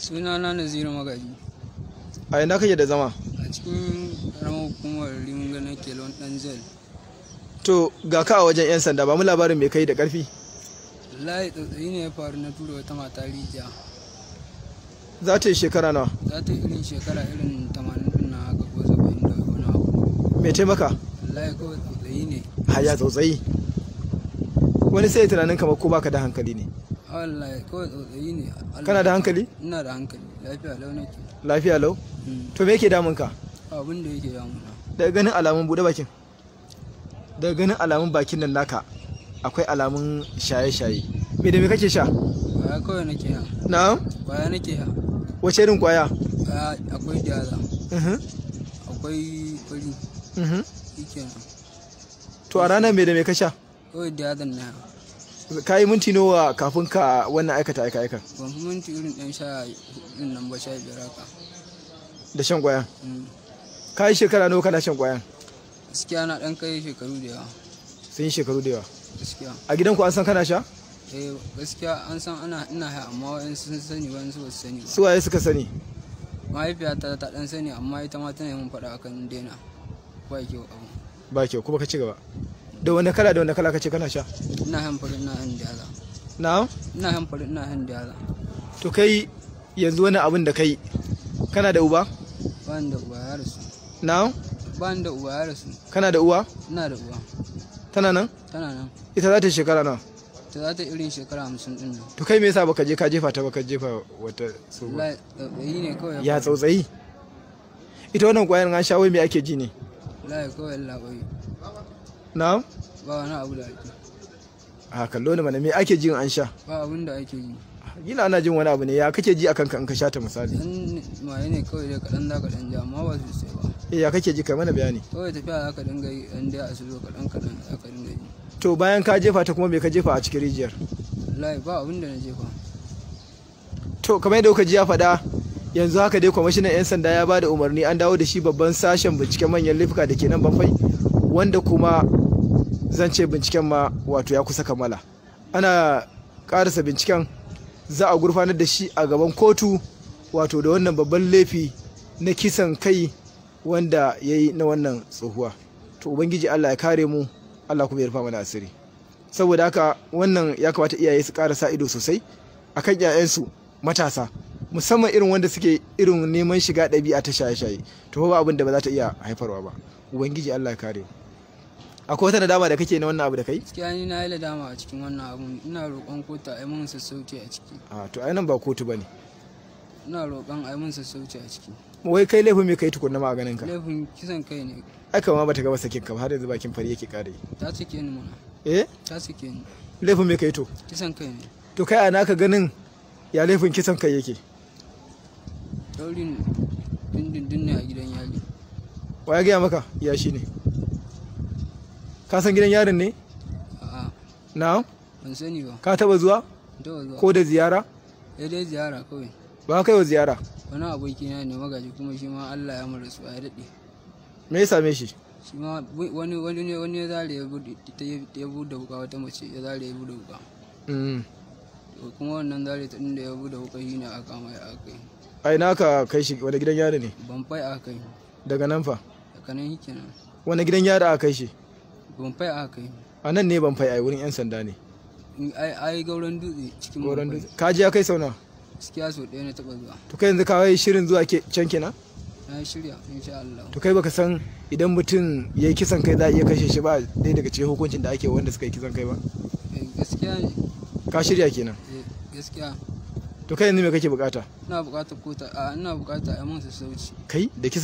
Suna na naziru magaji a ina kake da zama a cikin ramar hukumar rimunga na kelon danzel to ga ka a wajen 'yan sanda ba mu labarin mai kai da karfi layi tsatsayi ne ya faru na tura wata mata rijiya za ta yi shekara nawa za ta yi irin shekara irin din na haka ko 70 da wani abu mai taimaka layi kawai tsatsayi ne haya tsatsayi wani sai tunanin kamar ko baka da hankali ne wallahi kawai tsautsayi ne kana da hankali ina da hankali lafiya lau nake lafiya lau mm. to me yake damun ka abin da yake damuna daga ganin alamun bude bakin daga ganin alamun bakin nan naka akwai alamun shaye-shaye me da me kake sha kwaya kawai nake ha na'am kwaya nake ha wace irin kwaya akwai jaza mm-hmm. akwai fari mm-hmm. shikenan to a ranar me da me ka sha kawai jazan na ka yi minti nawa kafin ka wannan aikata aika aikan ban fi minti irin ɗan sha irin nan ba sha biyar haka da shan kwayan mm. ka yi shekara nawa kana shan kwayan gaskiya na ɗan kai shekaru da yawa sun yi shekaru da yawa gaskiya a gidan ku an san kana sha eh gaskiya an san ana ina ha amma wayan sun sani wayan su ba su sani ba su waye suka sani mahaifiyata ta ɗan sani amma ita ma tana yin faɗa akan daina ba kyau abu ba kyau kuma ka ci gaba da wani kala da wani kala kace kana sha ina hanfari ina han jaza na'am ina hanfari ina han jaza to kai yanzu wani abin da kai kana da uba ba da uba ya rasu na'am ba da uba ya rasu kana da uwa ina da uwa tana nan tana nan ita za ta shekara nawa ta za ta irin shekara hamsin din nan to kai me yasa baka je ka jefa ta baka jefa wata tsoba ne kawai ya tsautsayi ita wannan kwayar an sha me ake ji ne wallahi kawai labai na'am ba wani abu da ake a ah, kallo ne mana me ake jin an sha ba abin da ake yi gina ana jin wani abu ne ya kake ji akan kanka in ka sha ta misali maye ne kawai dai kaɗan da kaɗan ja Ma amma ba sosai ba E, ya kake ji kai mana bayani kawai tafiya za ka dinga yi ɗan dai a sulu kaɗan kaɗan za ka dinga yi to bayan ka jefa ta kuma me ka jefa a cikin rijiyar lai ba abin da na jefa to kamar yadda kuka ji ya faɗa yanzu haka dai kwamishinan 'yan sanda ya ba da umarni an dawo da shi babban sashen binciken manyan laifuka da ke nan banfai wanda kuma zan ce binciken ma wato ya kusa kammala ana karasa binciken za a gurfanar da shi a gaban kotu wato da wannan babban laifi na kisan kai wanda ya yi na wannan tsohuwa to ubangiji allah ya kare mu allah kuma ya rufa mana asiri saboda haka wannan ya kamata iyaye su karasa sa ido sosai a kan 'ya'yansu matasa musamman irin wanda suke irin neman shiga ɗabi'a ta shaye-shaye to ba abin da ba za ta iya haifarwa ba ubangiji Allah kare akwai wata nadama da kake na wannan abu da kai gaskiya ni na yi nadama a cikin wannan abun ina roƙon kotu a yi mun sassauci a ciki a to ai nan ba kotu bane ina roƙon a yi mun sassauci a ciki wai kai laifin me kai tukunna ma a ganin ka laifin kisan kai ne ai kamar bata gaba sakin ka har yanzu bakin fari yake kare ta sake ni mana eh ta sake ni laifin me kai to kisan kai ne to kai a naka ganin ya laifin kisan kai yake daurin dindindin ne a gidan yali wa ya gaya maka ya shi ne ka san gidan yarin ne na'am ban sani ba ka taba zuwa ko da ziyara eh dai ziyara kawai ba kai wa ziyara wani abokina ne magaji kuma shi ma Allah ya mura su ya daɗe me ya same shi shi ma wani wani ne wani ya zare ya bude ya bude wuka wata mace ya zare ya bude wuka mm. kuma wannan zare ta inda ya bude wuka shine aka mai aka yi ai naka kai shi wani gidan yari ne ban fai aka yi daga nan fa kanan yake nan wani gidan yara aka kai shi ban fai aka kai a nan ne ban fai a wurin yan sanda ne ai ai gauran dutse cikin gauran dutse ka je kai sauna gaskiya so ɗaya na taba zuwa to kai yanzu ka yi shirin zuwa can kenan na shirya insha Allah to kai baka san idan mutum ya yi kisan kai za a iya kashe shi ba ɗaya daga cikin hukuncin da ake wanda suka yi kisan kai ba eh, gaskiya ka shirya kenan eh, gaskiya to kai yanzu me kake bukata ina bukata kota a ina bukata a mun su kai da kisa